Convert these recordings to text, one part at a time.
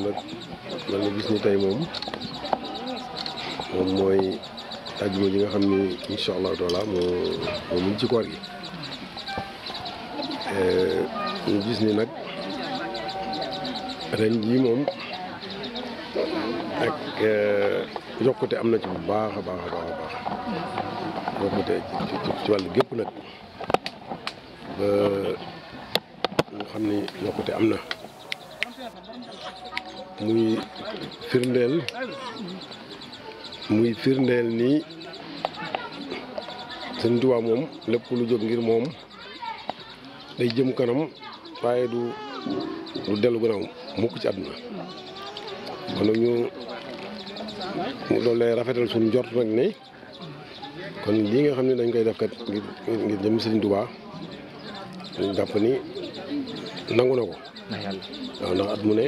nag la nga gis ni tey moom mooy ajuma ji nga xam ni incha allahu taala moo moo mën ci koor gi eh, gis ni nag ren jii moom ak eh, yokkute am na ci bu baax a baax a baax yokkute ci wàllu gépp nag ba ñu xam ni yokkute am na muy firndeel muy firndeel nii Sëñ Tuubaa moom lépp lu jóg ngir moom day jëm kanam waaye du du dellu gannaaw mukk ci àdduna kon nag lay rafetal suñ njort nag ne kon lii nga xam ne dañ koy def kat ngir ngir jëm Sëñ Tuubaa ñu jàpp ni nangu na ko waaw ndax at mu ne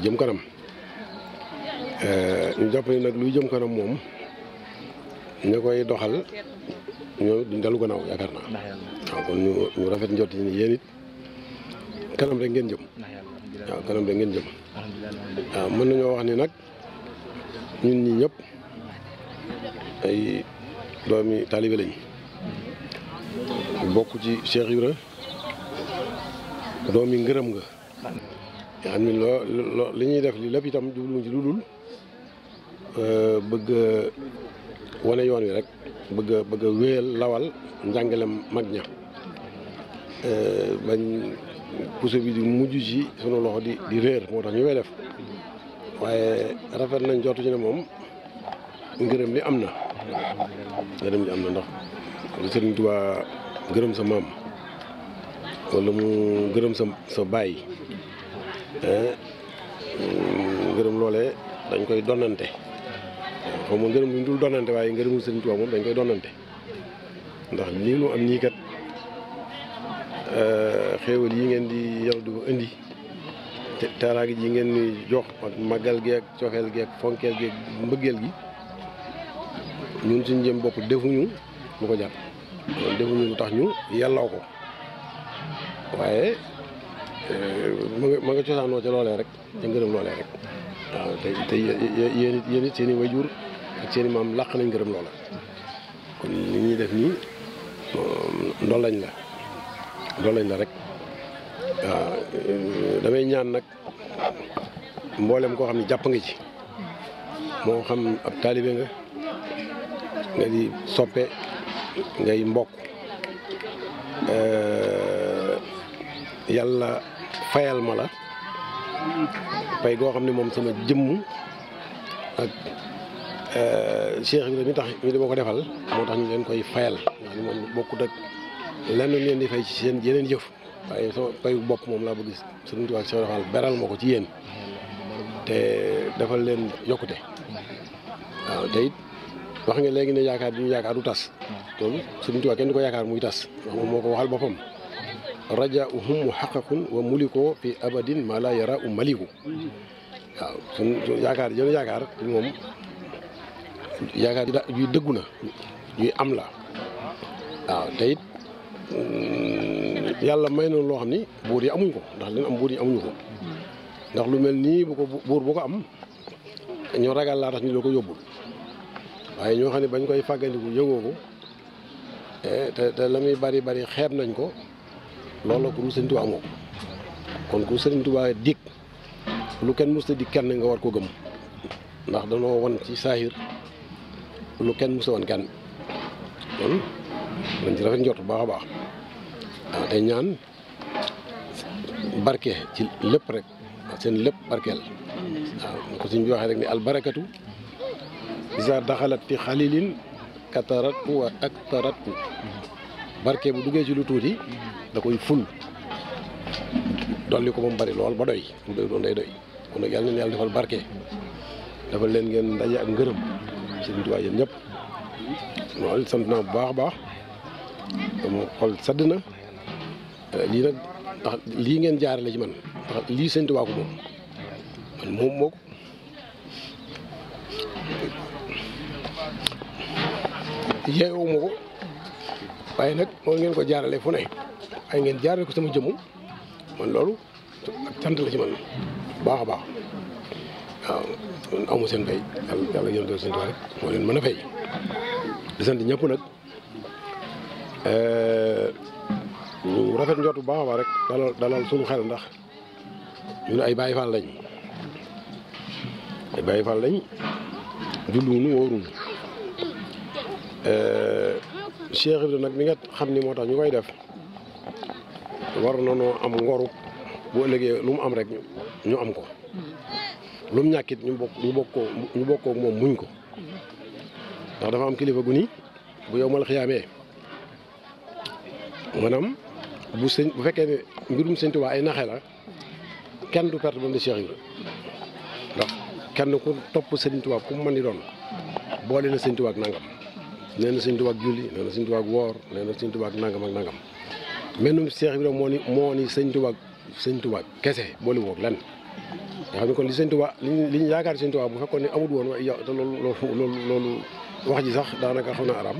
jëm kanam euh, ñu jàpp ne nag luy jëm kanam moom ñu koy doxal ñoo duñ dalu gannaaw yaakaar naa waaw kon ñu rafet njort yi yéen it kanam rek ngeen jëm waaw kanam rek ngeen jëm mën nañoo wax ni nag ñu ñi ñëpp ay doomi taalibe lañ mm-hmm. bokk ci Cheikh Ibra doomi ngërëm nga nga xam loo loo li ñuy def li lépp itam jubluñ ci lu dul euh, bëgg wane yoon wi rek bëgg bëgg a wéyal lawal njàngalem mag ña euh, bañ puso bi di mujj ci sunu loxo di di réer moo tax ñu koy def waaye rafet nañ jotu ci ne moom ngërëm li am na ngërëm li am na ndox lu Sëriñ Tuubaa gërëm sa maam wala mu gërëm sa sa baay Mm, ngërëm loole dañ koy donante xaw ma ngërëm luñ dul donante waaye ngërëmu Sëriñ Tuubaa moom dañ koy donante ndax lii nu am ñii kat euh, yi ngeen di yar di ko indi te taaraagi ji ngeen ñuy jox ak màggal gi ak coxeel gi ak fonkeel gi ak mbëggeel gi ñun suñ jëm bopp defuñu lu ko jàpp defuñu lu tax ñu yàllaaw ko waaye Eh, moo nga cosaanoo ca loolee rek ca ngërëm loolee rek waaw te te yéen wajur ak maam làq nañ ngërëm loola kon li ñuy def nii ndolañ la ndolañ la rek waaw eh, damay ñaan nag mboolem koo xam ne jàpp nga ci moo xam ab taalibe nga nga di soppe ngay mbokk eh, yàlla fayal ma la pay goo xam ne moom sama jëmm ak euh, Cheikh Ibrahima tax ñu dama ko defal moo tax ñu leen koy fayal ndax moom bokkut leen di fay ci seen yeneen jëf waaye sama payu moom laa bëgg Sëriñ Tuubaa ak Cheikh ma ko ci yéen te defal leen yokkute waaw te it wax nga léegi ne yaakaar bi ñu yaakaar du tas hmm. loolu Sëriñ Tuubaa kenn ko yaakaar muy tas moom moo ko waxal boppam rajaauhum muhaqqaqun wa muliko fi abadin ma la yara u maliku waaw sun yaakaar jon yaakaar moom yaakaar yuy dëggu na yuy am la waaw te mm, yàlla may na loo xam ni buur yi amuñ ko ndax leen am buur yi amuñu ko ndax lu mel nii bu ko buur bu ko am ñoo ragal laa tax ñu doo ko yóbbul waaye ñoo xam ne bañ koy fàggandiku yëngoo ko eh, te te la muy bari bari xeeb nañ ko loolu ku Sëriñ Tuubaa moo kon ku Sëriñ Tuubaa dig lu kenn mës a dig kenn nga war ko gëm ndax danoo wan ci saahir lu kenn mës a wan kenn kon dañ ci rafet njort bu baax a baax waaw tey ñaan barke ci lépp rek seen lépp barkeel waaw ko suñ bi waxee rek ni albarakatu isa daxalat fi xalilin kataratu wa aktaratu barke bu duggee ci lu tuuti da koy ful dolli ko moom bari lool ba doy mu doy doon day doy kon nag yàlla na yàlla defal barke dafa leen ngeen ndaje ak ngërëm seen tuwaay yéen ñëpp loolu bu baax a baax dama xol sadd na eh, lii nag lii ngeen jaarale ci man ndax lii moom man moom moo waaye nag moom ngeen ko jaarale fu ne ay ngeen jaarale ko sama jëmm man loolu ak cant la ci man baax a baax waaw man amu seen fay yàlla yàlla ñoom doon seen tool rek leen mën a fay di sant ñëpp nag eh, rafet njort bu baax a rek dalal dalal suñu xel ndax ñun ay Baay Faal lañ ay Baay Faal lañ julluwuñu wóoruñu eh, Cheikh Ibrahima nag mi nga xam ni moo tax ñu koy def war na noo am ngoru boo ëllëgee lu mu am rek ñu am ko lu mu ñàkkit ñu bokk ñu bokk koo ñu moom muñ ko ndax dafa am kilifa gu nii bu yow mal xiyaamee maanaam bu sëñ bu fekkee ne mbirum sëñ Tuubaa ay naxe kenn du perte ba mu di Cheikh Ibra ndax kenn ku topp sëñ Tuubaa ku mu mën di doon boole na sëñ Tuubaa ak nangam nee na sëñ Tuubaa ak julli nee na sëñ Tuubaa ak woor nee na sëñ nangam ak nangam mennum Seex Ibra moo ni moo ni sëñ Tuubaa kese boole woog lan nga xam ne kon li sëñ Tuubaa li ñu yaakaar sëñ Tuubaa bu fekkoon ni amut woon waaye te loolu loolu loolu wax ji sax daanaka xam na araam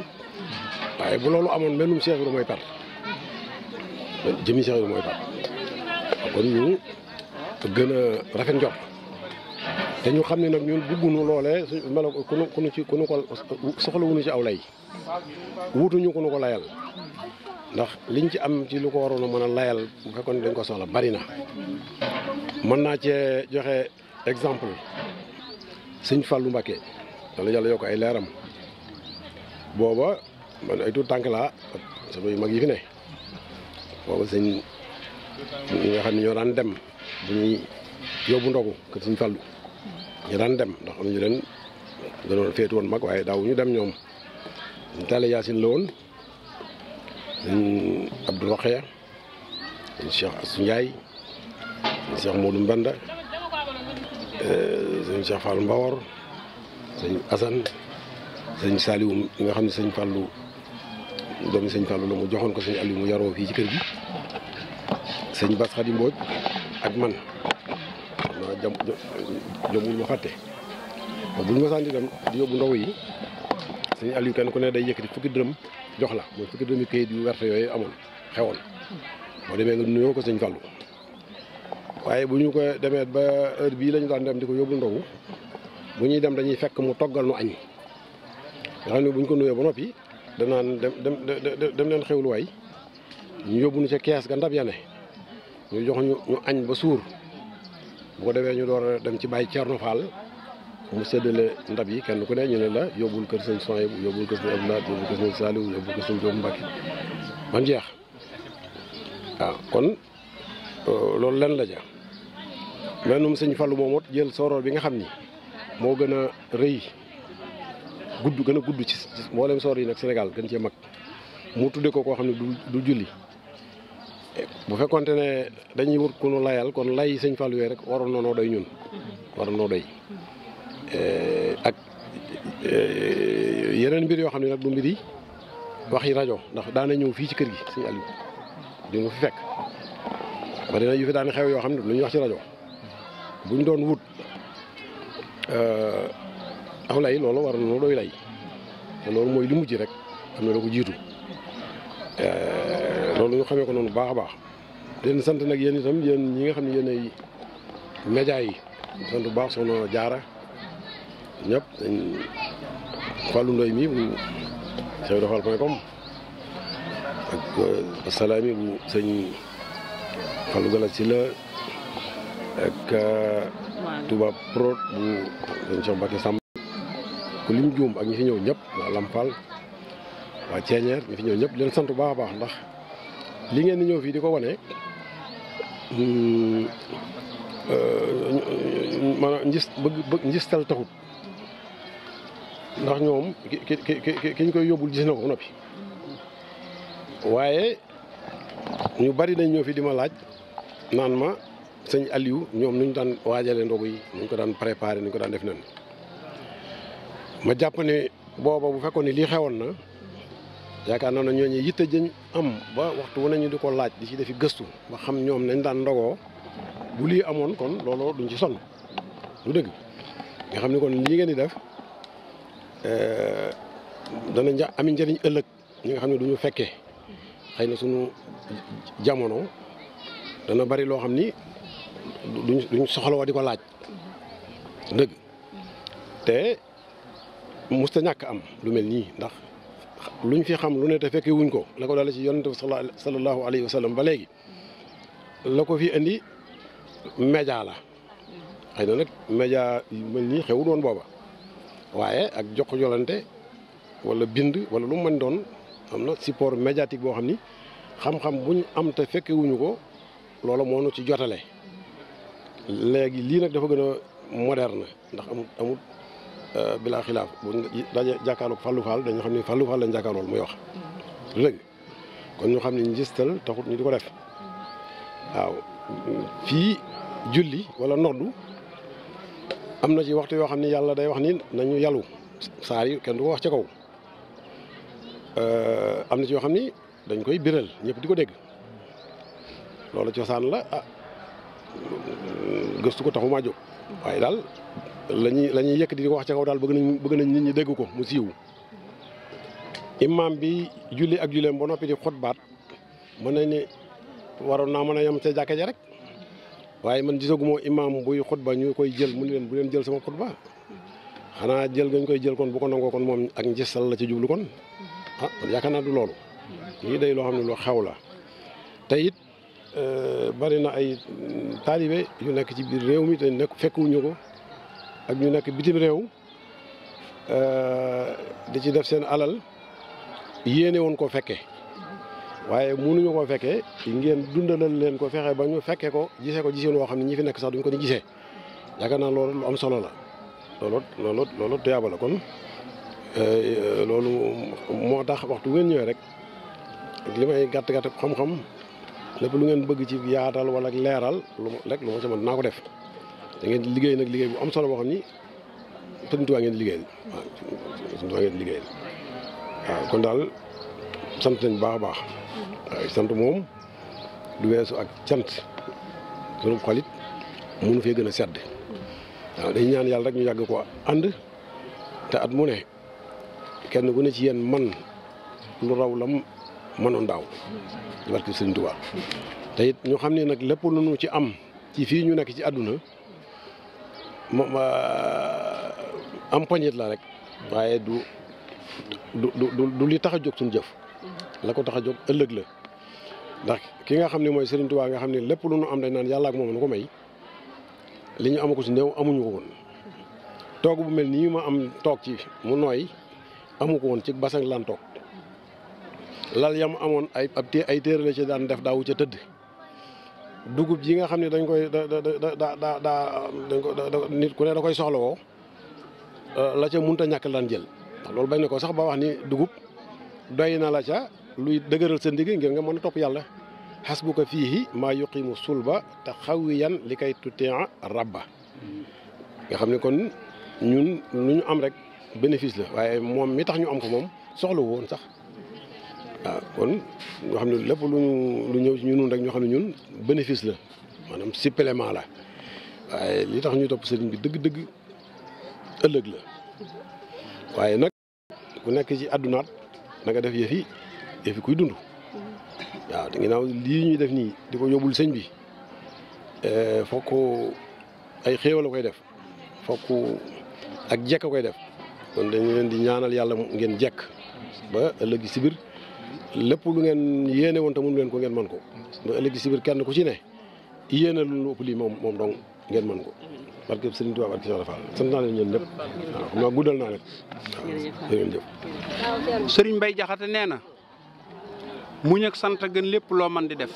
waaye bu loolu amoon mennum Seex Ibra mooy par jëmi Seex Ibra mooy perte kon ñu gën a rafet njort te ñu xam ne nag ñun bëgguñu loolee su melo ku nu ku nu ci ku nu ko soxlawuñu ci aw lay wutuñu ku nu ko layal ndax liñ ci am ci lu ko waroon a mën a layal bu fekkoon dañ ko soxla bari na mën naa cee joxe exemple sëñ Fallou Mbacké dana yàlla yokk ay leeram booba man ay tuut tànk laa sama yu mag yi fi booba sëñ ñi nga xam ne ñoo daan dem bu ñuy yóbbu ndogu kër sëñ Fallou ñu daan dem ndax am ñu leen gënoon mag waaye daaw ñu dem ñoom ñu Talla Yaasin la woon dañ Abdou Waxee dañ Cheikh Assou Ndiaye dañ Cheikh Modou Mbenda euh, sëñ Cheikh Fall Mbawor sëñ Assane sëñ Saliou mi nga xam ne sëñ Fallou doomi sëñ Fallou la mu joxoon ko sëñ Aliou mu yaroo fii ci kër gi sëñ Bass Khady Mbodj ak man jom jomul ma fàtte bu ñu ma sànni itam di yi sëñ Aliou kenn ne day yëkkati fukki dërëm jox la mooy fukki dërëmi kayit yu werte yooyu amoon xewoon boo demee nga nuyoo ko sëñ Fallou waaye bu ñu ko demee ba heure bii lañu daan dem di ko yóbbu ndogu bu ñuy dem dañuy fekk mu toggal nu añi nga xam ne bu ñu ko nuyoo ba noppi danaan dem dem dem leen xewlu waay ñu yóbbu nu ca kees ga ndab ya ne ñu jox ñu ñu añ ba suur bu ko defee ñu door a dem ci bàyyi Thierno Fall mu séddale ndab yi kenn ku ne ñu ne la yóbbul kër sëñ Soye yóbbul kër sëñ Abdoulaye yóbbul kër sëñ Saliou yóbbul kër sëñ Diop Mbacke man jeex waaw kon euh, loolu lenn la ja lennum sëñ Fallou moomot jël sooroor bi nga xam ni moo gën a rëy gudd gën a gudd ci mboolem soor yi nag Sénégal gën cee mag mu tudde ko koo xam ne du julli bu fekkonte ne dañuy wut ku nu layal kon lay sëñ Fallou rek waroon na noo doy ñun waroon noo doy eh, ak eh, yeneen mbir yoo xam ne nag du mbir yi rajo ndax daana ñëw fii ci kër gi sëñ Aliou di nga fekk bari na daan xew yoo xam ne lu ñu wax ci rajo buñ doon wut eh, aw lay loolu war na doy lay te loolu mooy li mujj rek am na la ko jiitu loolu ñu xamee ko noonu baax a baax leen sant nag yéen itam yéen ñi nga xam ne yéen ay média yi sant bu baax soxna jaara ñëpp dañ fàllu ndoy mi bu sew dafal point com ak euh, asalaami bu sëñ fàllu gala si la ak euh, Touba Prod bu sëñ Cheikh Mbacké Samb ku lim juum ak ñu fi ñëw ñëpp waa Lampal waa Ceeñeer ñi fi ñëw ñëpp leen sant bu baax baax ndax li ngeen di ñëw fii di ko wane hmm, euh, maanaam njis njistal taxut ndax ñoom ki ki ki koy yóbbul gis ko ko noppi waaye ñu bari nañ ñëw fi di ma laaj naan ma sëñ Aliou ñoom nu ñu daan waajalee ndogu yi nu ko daan préparé nu ko daan def nan ma jàpp ni booba bu fekkoon ne lii xewoon na. yaakaar naa ne ñooñu yitte jëñ am ba waxtu wu nañu di ko laaj di ci defi gëstu ba xam ñoom nañ daan ndogoo bu lii amoon kon looloo duñ ci son lu dëgg nga xam ni kon lii ngeen di def eh, danañ ami njëriñ ëllëg ñi xam ne duñu fekkee xëy na suñu jamono dana bari loo xam ni duñ duñ soxlawoo di ko laaj dëgg te musta ñàkk am lu mel nii ndax lu ñu fi xam lu ne te fekke ko la ko daal ci yonent bi sallallahu alayhi wa sallam ba léegi la ko fi indi média la xëy na nag média yu mel nii xewul booba waaye ak jox wala bind wala lu mën doon am na support médiatique boo xam ni xam-xam am te fekke ko loola moo ci jotale léegi lii nag dafa gën a moderne ndax amut amut Euh, bilaa xilaaf bu ñu daje jàkkaarloog Fallou xam ne fallu Fall lañ jàkkaarlool muy wax. dégg kon ñu xam ne njistal taxut ñu di ko def waaw fii julli wala noddu am na ci waxtu yoo xam ne yàlla day wax ni nañu yalu saar kenn du ko wax ca kaw euh, am na ci yoo xam ni dañ koy biral ñépp di ko dégg loolu cosaan la ah gëstu ko taxu maa waaye daal lañuy la ñuy yëkkati di wax ca kaw daal bëgg nañu bëgg nañ nit ñi dégg ko mu siiw imam bi julli ak julleem ba noppi di xutbaat mën nañ ni waroon naa mën a yem ca jàkka ja rek waaye man gisaguma imam buy xutba ñu koy jël mu ne leen bu leen jël sama xutba xanaa jël gañ koy jël kon bu ko nangoo kon moom ak njësal la ci jublu kon ah yaakaar naa du loolu lii day loo xam ne lu xew la te it eh, bari na ay taalibe yu nekk ci biir réew mi te nekk fekkuñu ko ak ñu nekk bitim réew eh, di ci def seen alal yéene woon koo fekke waaye mënuñu ko fekkee ngeen dundalal leen ko fexe ba ñu fekkee ko jisee ko giseen woo xam ne ñi fi nekk sax duñ ko ni gisee yaakaar naa loolu lu am solo la loolu loolu loolu tuyaaba la kon eh, loolu moo tax waxtu ngeen ñëwee rek li may gàtt gàtt xam-xam lépp lu ngeen bëgg ci yaatal wala leeral lu rek lu ma ci mën naa ko def da ngeen liggéey nag liggéey bu am solo boo xam ni Sëriñ ngeen liggéeyal waaw Sëriñ ngeen liggéeyal waaw kon daal sant nañ baax a baax waaw sant moom du weesu ak cant sunu xol it mënu fee gën a sedd waaw dañ ñaan yàlla rek ñu yàgg ko ànd te at mu ne kenn ku ne ci yéen man lu raw lam mënoon daaw barke Sëriñ Tuubaa te ñu xam ne nag lépp lu ci am ci fii ñu nekk ci àdduna moom euh, am poñit la rek waaye du du du du li tax a jóg suñu jëf mm-hmm. la ko tax a jóg ëllëg la ndax ki nga xam ni mooy Serigne nga xam ne lépp lu nu am dañ naan yàlla ak moom nu ko may li ñu ama ko si néew amuñu woon toog bu mel nii ma am toog ci mu nooy amuko woon ci basang lan toog lal yam amoon ay ab té ay téere ci daan def daawu ca tëdd dugub ji nga xam ne dañ koy da da da da dañ ko nit ku ne da koy soxlawoo euh, la ca mënut a ñàkk lan jël loolu bañ na ko sax ba wax ni dugub doy na la ca luy dëgëral sa ndigg ngir nga mën a topp yàlla bu ko fiihi maa yuqimu sulba te yan li kay tutéa ràbba nga xam ne kon ñun lu ñu am rek bénéfice la waaye moom mi tax ñu am ko moom soxla woon sax ah kon ñoo xam ne lépp lu ñu lu ñëw ci ñun rek ñoo xam ne ñun bénéfice la maanaam supplément la waaye li tax ñu topp sëriñ bi dëgg-dëgg ëllëg la waaye nag ku nekk ci àddunaat na nga def yëf yi kuy dund waaw te ginnaaw lii ñuy def nii di ko yóbbul sëñ bi eh, fokk ay xéewal la koy def fokk ak jekk a koy def kon dañu leen di ñaanal yàlla ngeen jekk ba ëllëg si biir lépp lu ngeen yéene woon te mënu leen ko ngeen man ko ndax ëllëg si biir kenn ku ci ne yéene lu ëpp lii moom moom dong ngeen man ko parce que Serigne Touba barke Soxna Fall sant naa leen ñeen ñëpp waaw ma guddal naa leen waaw ngeen Jaxate nee na muñ ak sant gën lépp loo man di def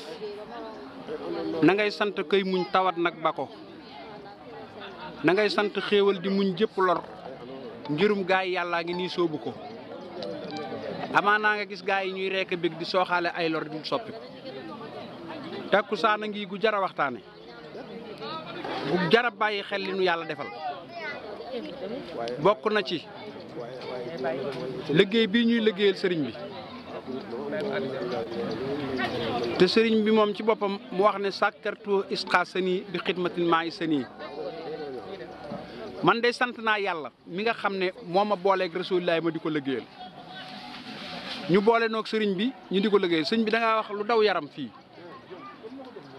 na ngay sant kay muñ tawat nag ba ko na ngay sant xéewal di muñ jëpp lor ngirum gaay yàllaa ngi nii soobu ko amaa naa nga gis gaa yi ñuy rekk bég di sooxaale ay lor dul soppi takkusaan a ngi gu jara waxtaane gu jara bàyyi xel li nu yàlla defal bokk na ci liggéey bii ñuy liggéeyal sëriñ bi te sëriñ bi moom ci boppam mu wax ne sàkkartu isqa sanii bi xidmatin maa yi sanii man de sant naa yàlla mi nga xam ne moom ma booleeg rasulilaay ma di ko liggéeyal ñu boole noog sëriñ bi ñu di ko liggéey sëñ bi da wax lu daw yaram fii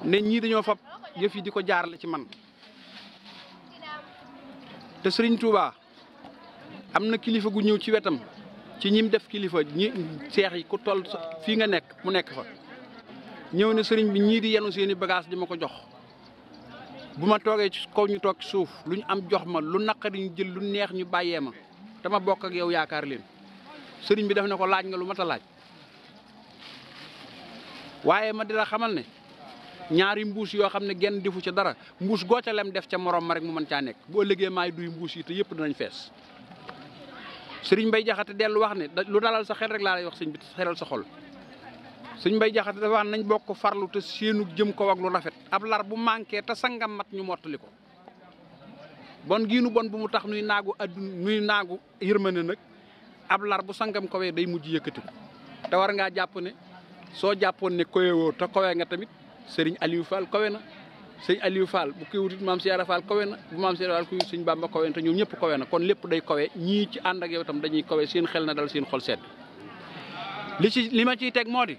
ne ñii dañoo fab yëf yi di ko jaarale ci man te sëriñ Touba am na kilifa gu ñëw ci wetam ci ñim def kilifa ñi seex yi ku toll fii nga nekk mu nekk fa ñëw ne sëriñ bi ñii di yenu seeni bagage di ma ko jox bu ma toogee ci kaw ñu toog ci suuf lu ñu am jox ma lu naqari ñu jël lu neex ñu bàyyee ma dama bokk ak yow yaakaar leen sëriñ bi def na ko laaj nga lu mat a laaj waaye ma dina xamal ne ñaari mbuus yoo xam ne genn defu ca dara mbuus goo ca lem def ca moroom ma rek mu mën caa nekk boo liggéey maay duy mbuus yi te yëpp dinañ fees sëriñ Mbay Jaxate dellu wax ne lu dalal sa xel rek laa lay wax sëñ bi xelal sa xol sëñ Mbay Jaxate dafa wax nañ bokk farlu te seenu jëm ko ak lu rafet ab lar bu manqué te sangam mat ñu mottali ko bon giinu bon bu mu tax nuy naagu addun nuy naagu yërmande nag ab lar bu sangam kowee day mujj yëkkati ko te war ngaa jàpp ne soo jàppoon ne koyewoo te kowee nga tamit sëriñ Aliou Fall kowe na sëñ Aliou Fall bu koy wutit maam Cheikh Fall kowe na bu maam Cheikh Fall ku sëñ Bamba ñëpp kowe na kon lépp day kowe ñii ci ànd ak yow tam dañuy kowe seen xel na dal seen xol sedd li ci li ma ciy teg moo di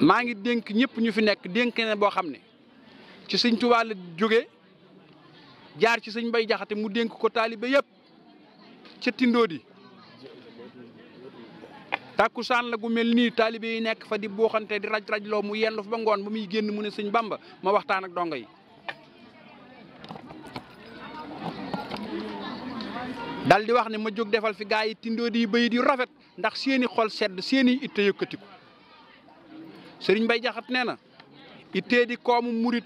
maa ngi dénk ñëpp ñu fi nekk dénk ne boo xam ne ci sëñ Tuubaa la jóge jaar ci sëñ Mbay Jaxate mu dénk ko taalibe yëpp ca Tindodi tàkkusaan la gu mel nii taalibe yi nekk fa di buuxante di raj-raj loo mu yendu fa ba ngoon ba muy génn mu ne sëñ Bamba ma waxtaan ak dongo yi dal di wax ne ma jóg defal fi gaa yi Tindodi yi bayit yu rafet ndax seeni xol sedd seeni itte yëkkatiku sëriñ Bay Jaxat nee na ittee di koomu murit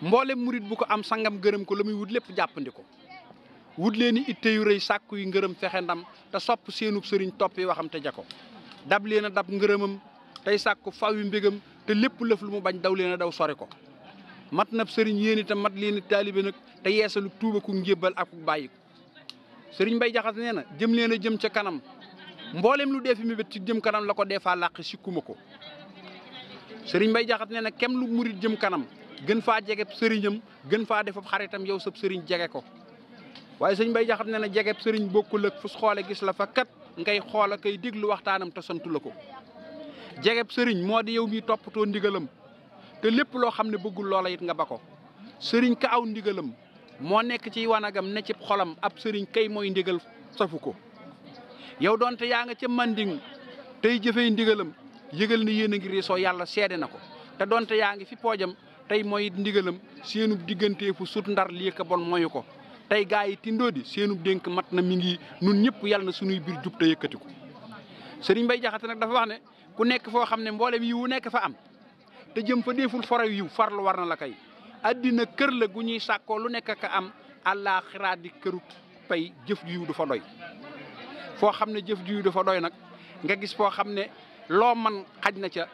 mboole murit bu ko am sangam gërëm ko la muy wut lépp jàppandi ko wut leen i itte yu rëy sàkku yu ngërëm fexe ndam te sopp seenub sëriñ topp yi waxam te jako dab leen a dab ngërëmam tey sàkku faw yu mbégam te lépp lëf lu mu bañ daw leen a daw sori ko mat nab sëriñ yéen itam mat leen i taalibe nag te yeesalu tuuba ku njébbal ak bàyyi ko sëriñ Mbay Jaxate nee na jëm leen a jëm ca kanam mboolem lu dee fi mébét ci jëm kanam la ko dee faa làq sikkuma ko sëriñ Mbay Jaxate nee na kem lu murit jëm kanam gën faa jege sëriñam gën faa def xaritam yow sab sëriñ jege ko waaye sañ bay Jaxate ne na jegeb sëriñ bokkul ak fu xoole gis la fa kat ngay xool ak ay déglu waxtaanam te santu la ko jegeb sëriñ moo di yow mi toppatoo ndigalam te lépp loo xam ne bëggul loola it nga ba ko sëriñ ka aw ndigalam moo nekk ci wanagam ne ci xolam ab sëriñ kay moy ndigal safu ko yow doonte yaa nga ca manding tey jëfee ndigalam yëgël na yéen a ngi riisoo yàlla seede na ko te doonte yaa ngi fi poojam tey mooy ndigalam seenu digganteefu sut ndar lii ka bon moyu ko tey gars yi tindoo di seenu dénk mat na mi ngi nun ñëpp yàlla na suñuy biir jub te yëkkatiku sëriñ Mbay Jaxate nag dafa wax ne ku nekk foo xam ne mboolem yiwu nekk fa am te jëm fa deeful foraw yiw farlu war na la kay addina kër la gu ñuy sàkkoo lu nekk ka am àllaaxira di këru pay jëf jiw du fa doy foo xam ne jëf jiw du fa doy nag nga gis foo xam ne loo man xaj na ca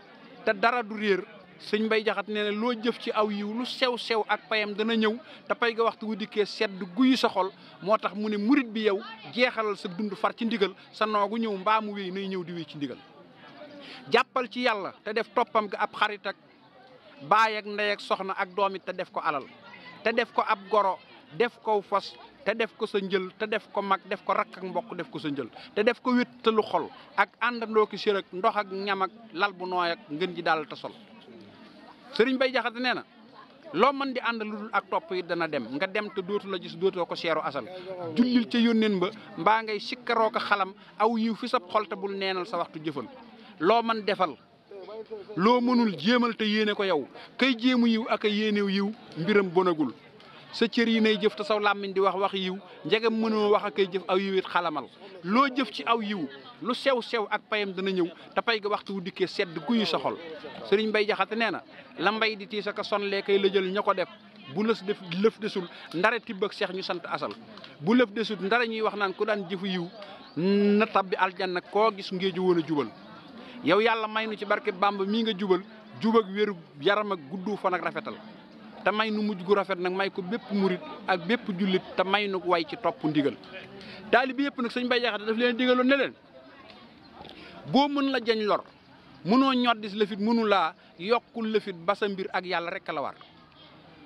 te dara du réer sëñ Mbay Jaxate nee na loo jëf ci aw yiw lu sew-sew ak payam dana ñëw te pay ga waxtu wu dikkee sedd guyi sa xol moo tax mu ne murit bi yow jeexalal sa dund far ci ndigal sa noogu ñëw mbaa mu wéy nay ñëw di wéy ci ndigal jàppal ci yàlla te def toppam ga ab xarit ak baay ak ndey ak soxna ak doom it te def ko alal te def ko ab goro def ko fos te def ko sa njël te def ko mag def ko rakk ak mbokk def ko sa njël te def ko te lu xol ak àndandoo ki sér ak ndox ak ñam lal bu nooy ngën ji daal te sëriñ bay jaxate nee na loo mën di ànd lu dul ak topp yi dana dem nga dem te dootul a gis dootoo ko seeru asal jullil ca yónneen ba mbaa ngay sikkaroo ko xalam aw yiw fi sa xolte bul neenal sa waxtu jëfal loo man defal loo mënul jéemal te yéene ko yow kay jéemu yiw ak a yéenew yiw mbiram bonagul sa cër yi nay jëf te saw làmmiñ di wax wax yiw njegam mënoo wax ak ay jëf aw yiw it xalamal loo jëf ci aw yiw lu sew sew ak payam dana ñëw te pay ga waxtu wu dikkee sedd guyu sa xol sëriñ Mbay Jaxate nee na la mbay di tiis ak sonlee kay la jël ña ko def bu lës def lëf desul ndara tibb ak seex ñu sant asal bu lëf desul ndara ñuy wax naan ku daan jëfu yiw na tabbi aljanna koo gis ngéeju woon a jubal yow yàlla may nu ci barke bàmb mii nga jubal jubak wéru yaram ak guddu fan ak rafetal te may nu mujj gu rafet nag may ko bépp murit ak bépp jullit te may nu way ci topp ndigal taalibe yëpp nag sëñ Bay Jaxate daf leen digaloon ne leen boo mën la jañ lor mënoo ñoddis lëfit mënu laa yokkul lëfit ba mbir ak yàlla rek la war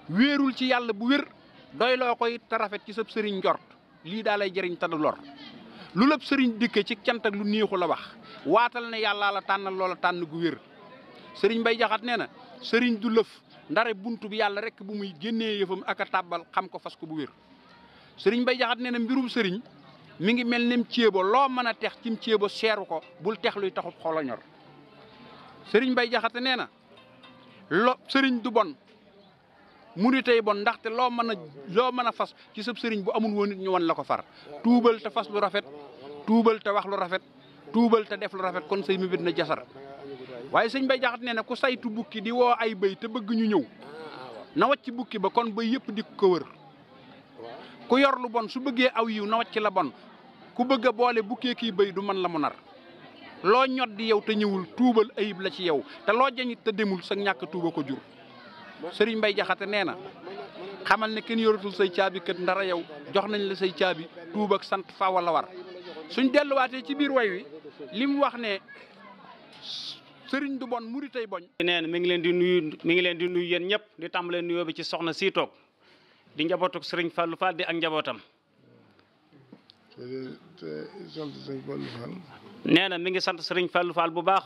wéerul ci yàlla bu wér doy loo koy te rafet ci sab sëriñ njort lii daal lay jëriñ te du lor lu lépp sëriñ dikke ci cant ak lu néexul a wax waatal ne yàllaa la tànnal loola tànn gu wér sëriñ Bay Jaxate nee na sëriñ du lëf ndare bunt bi yàlla rek bu muy génnee yëfam ak a tàbbal xam ko fas ko bu wér sëriñ bay jaxat nee na mbirum sëriñ mi ngi mel nem céebo loo mën a tex cim céebo seeru ko bul tex luy taxub xol a ñor sëriñ bay jaxate nee na lo sëriñ du bon mu ni tey bon ndaxte loo mën a loo mën a fas ci sëb sëriñ bu amul woon nit ñu wan la ko far tuubal te fas lu rafet tuubal te wax lu rafet tuubal te def lu rafet kon say mébét na jasar waaye sëñ bay jaxat nee na ku saytu bukki di woo ay bëy te bëgg ñu ñëw na wàcc bukki ba kon bëy yëpp dikk ko wër ku yor lu bon su bëggee aw yiw na wàcc la bon ku bëgg a boole bukkee kii bëy du man la mu nar loo ñot di yow te ñëwul tuubal ayib la ci yow te loo jañit te demul sa ñàkk tuuba ko jur sëriñ mbay jaxate nee na xamal ne kenn yoratul say caabi kat ndara yow jox nañ la say caabi tuub ak sant fa wala war suñ delluwaatee ci biir way wi li sëriñ du bon muri tey boñ. nee na mi ngi leen di nuyu mi ngi leen di nuyu yéen ñëpp di tàmbalee nuyoo bi ci soxna sii toog di njabootug sëriñ Fallou Fall di ak njabootam. te sant na mi ngi sant sëriñ Fallou Fall bu baax.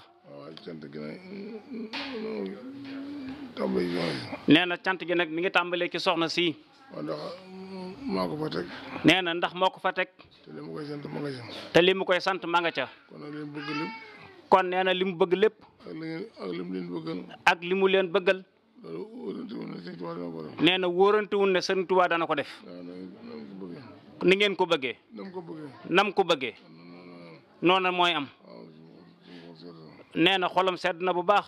nee na cant gi nag mi ngi tàmbalee ci soxna sii. ndax maa ko fa teg. nee ndax moo ko fa teg. te li koy sant ma kon nee na li mu bëgg lépp. ak li mu leen bëggal. ak li nee na wóorante wul ne Sëriñ dana ko def. ni ngeen ko bëggee. nam ko bëggee. noonu mooy am. nee na xolam sedd na bu baax.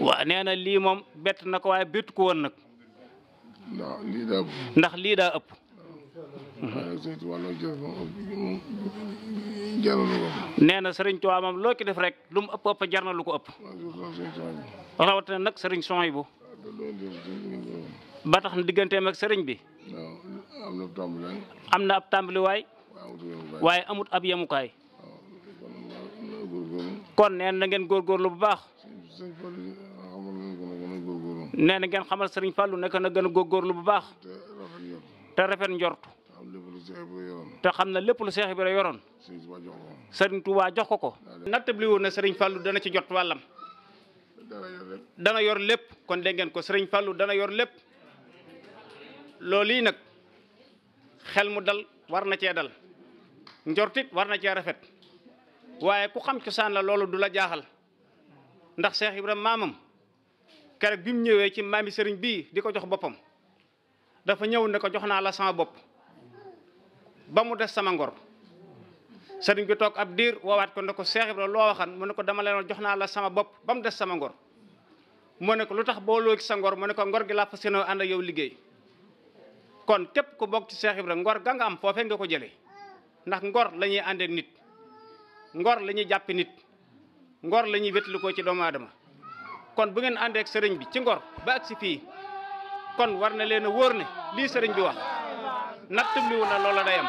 waaw nee na lii moom na ko waaye bett ko woon ndax lii daa ëpp. nee na sëriñ Tuubaa loo ci def rek lu mu ëpp ëpp jar na ko ëpp. rawatina nag sëriñ Soy bu ba tax na digganteem ak sëriñ bi. am na ab tàmbaliwaay. waaye amut ab yemukaay. kon nee na ngeen góorgóorlu bu baax. nee ngeen xamal sëriñ Fallou nekk na gën a góorgóorlu bu baax. te rafet njortu te xam na lépp lu Seex Ibra yoroon Sëriñ Tuubaa jox ko ko nattabli woon na Sëriñ Fàllu dana ci jot wàllam dana yor lépp kon dégg ngeen ko Sëriñ Fàllu dana yor lépp loolu yi nag xel mu dal war na cee dal njortit war na cee rafet waaye ku xam cosaan la loolu du la jaaxal ndax Seex Ibra maamam keroog bi mu ñëwee ci maami sëriñ bii di ko jox boppam dafa ñëw ne ko jox naa la sama bopp ba mu des sama ngor sëriñ bi toog ab diir woowaat ko ne ko Seex Ibra loo waxan mu ne ko dama leen jox naa la sama bopp ba mu des sama ngor mu nekk lu tax boo ci sa ngor mu ne ko ngor gi laa fas yéene ànd ak yow liggéey kon képp ku bokk ci Seex rek ngor ga nga am foofee nga ko jëlee ndax ngor lañuy ñuy àndeek nit ngor lañuy ñuy jàppi nit ngor la ñuy wétlu ko ci doomu aadama kon bu ngeen àndeek sëriñ bi ci ngor ba agsi fii kon war na leen a wóor ne lii sëriñ bi wax natt bi wu na loola day am